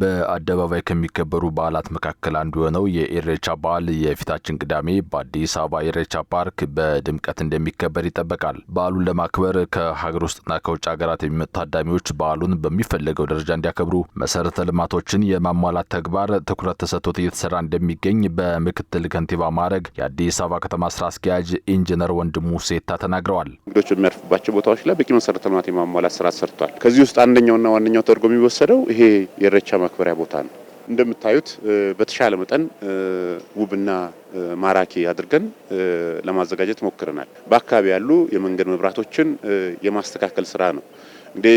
በአደባባይ ከሚከበሩ በዓላት መካከል አንዱ የሆነው የኢሬቻ በዓል የፊታችን ቅዳሜ በአዲስ አበባ ኢሬቻ ፓርክ በድምቀት እንደሚከበር ይጠበቃል። በዓሉን ለማክበር ከሀገር ውስጥና ከውጭ ሀገራት የሚመጡ ታዳሚዎች በዓሉን በሚፈለገው ደረጃ እንዲያከብሩ መሰረተ ልማቶችን የማሟላት ተግባር ትኩረት ተሰጥቶት እየተሰራ እንደሚገኝ በምክትል ከንቲባ ማዕረግ የአዲስ አበባ ከተማ ስራ አስኪያጅ ኢንጂነር ወንድሙ ሴታ ተናግረዋል። እንግዶች በሚያርፉባቸው ቦታዎች ላይ በቂ መሰረተ ልማት የማሟላት ስራ ሰርቷል። ከዚህ ውስጥ አንደኛውና ዋነኛው ተደርጎ የሚወሰደው ይሄ የኢሬቻ ማክበሪያ ቦታ ነው። እንደምታዩት በተሻለ መጠን ውብና ማራኪ አድርገን ለማዘጋጀት ሞክረናል። በአካባቢ ያሉ የመንገድ መብራቶችን የማስተካከል ስራ ነው። እንዴ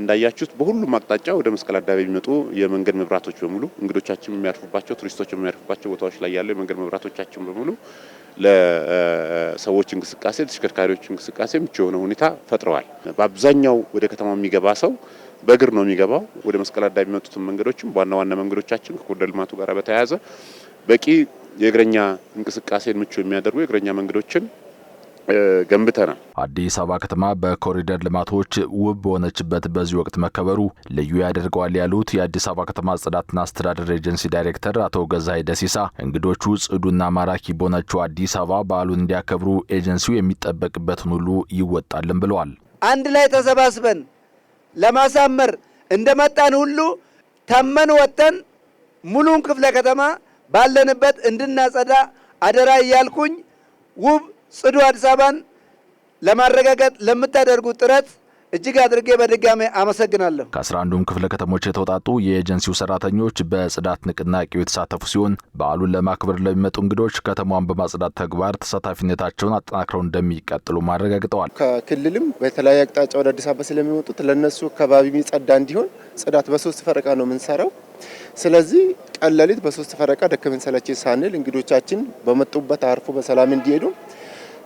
እንዳያችሁት በሁሉም አቅጣጫ ወደ መስቀል አደባባይ የሚመጡ የመንገድ መብራቶች በሙሉ እንግዶቻችን የሚያርፉባቸው፣ ቱሪስቶች የሚያርፉባቸው ቦታዎች ላይ ያሉ የመንገድ መብራቶቻችን በሙሉ ለሰዎች እንቅስቃሴ፣ ተሽከርካሪዎች እንቅስቃሴ ምቹ የሆነ ሁኔታ ፈጥረዋል። በአብዛኛው ወደ ከተማ የሚገባ ሰው በእግር ነው የሚገባው። ወደ መስቀል አዳ የሚመጡትን መንገዶችም ዋና ዋና መንገዶቻችን ከኮሪደር ልማቱ ጋር በተያያዘ በቂ የእግረኛ እንቅስቃሴን ምቹ የሚያደርጉ የእግረኛ መንገዶችን ገንብተናል። አዲስ አበባ ከተማ በኮሪደር ልማቶች ውብ በሆነችበት በዚህ ወቅት መከበሩ ልዩ ያደርገዋል ያሉት የአዲስ አበባ ከተማ ጽዳትና አስተዳደር ኤጀንሲ ዳይሬክተር አቶ ገዛይ ደሲሳ እንግዶቹ ጽዱና ማራኪ በሆነችው አዲስ አበባ በዓሉን እንዲያከብሩ ኤጀንሲው የሚጠበቅበትን ሁሉ ይወጣልን ብለዋል። አንድ ላይ ተሰባስበን ለማሳመር እንደመጣን ሁሉ ተመን ወጥተን ሙሉን ክፍለ ከተማ ባለንበት እንድናጸዳ አደራ እያልኩኝ ውብ ጽዱ አዲስ አበባን ለማረጋገጥ ለምታደርጉት ጥረት እጅግ አድርጌ በድጋሜ አመሰግናለሁ። ከአስራ አንዱም ክፍለ ከተሞች የተውጣጡ የኤጀንሲው ሰራተኞች በጽዳት ንቅናቄው የተሳተፉ ሲሆን በዓሉን ለማክበር ለሚመጡ እንግዶች ከተማዋን በማጽዳት ተግባር ተሳታፊነታቸውን አጠናክረው እንደሚቀጥሉ ማረጋግጠዋል። ከክልልም በተለያየ አቅጣጫ ወደ አዲስ አበባ ስለሚወጡት ለእነሱ አካባቢ የሚጸዳ እንዲሆን ጽዳት በሶስት ፈረቃ ነው የምንሰራው። ስለዚህ ቀን ሌሊት በሶስት ፈረቃ ደከመን ሰለቸን ሳንል እንግዶቻችን በመጡበት አርፎ በሰላም እንዲሄዱ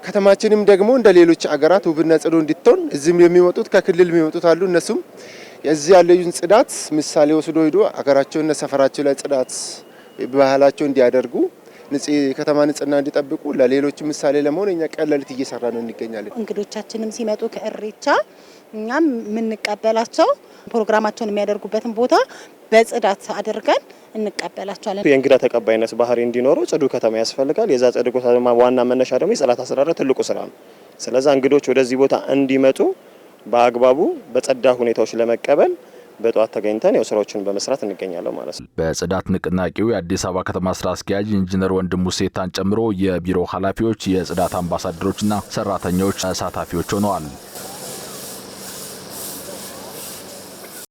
ከተማችንም ደግሞ እንደ ሌሎች አገራት ውብና ጽዱ እንድትሆን እዚህም የሚመጡት ከክልል የሚመጡት አሉ። እነሱም እዚህ ያለዩን ጽዳት ምሳሌ ወስዶ ሂዶ ሀገራቸውና ሰፈራቸው ላይ ጽዳት ባህላቸው እንዲያደርጉ ከተማ ንጽህና እንዲጠብቁ ለሌሎች ምሳሌ ለመሆን እኛ ቀለልት እየሰራ ነው እንገኛለን። እንግዶቻችንም ሲመጡ ከእሬቻ እኛም የምንቀበላቸው ፕሮግራማቸውን የሚያደርጉበትን ቦታ በጽዳት አድርገን እንቀበላቸዋለን። የእንግዳ ተቀባይነት ባህሪ እንዲኖረው ጽዱ ከተማ ያስፈልጋል። የዛ ጽዱ ዋና መነሻ ደግሞ የጽዳት አሰራር ትልቁ ስራ ነው። ስለዛ እንግዶች ወደዚህ ቦታ እንዲመጡ በአግባቡ በጸዳ ሁኔታዎች ለመቀበል በጠዋት ተገኝተን ያው ስራዎችን በመስራት እንገኛለን ማለት ነው። በጽዳት ንቅናቄው የአዲስ አበባ ከተማ ስራ አስኪያጅ ኢንጂነር ወንድሙ ሴታን ጨምሮ የቢሮ ኃላፊዎች፣ የጽዳት አምባሳደሮችና ሰራተኞች ተሳታፊዎች ሆነዋል።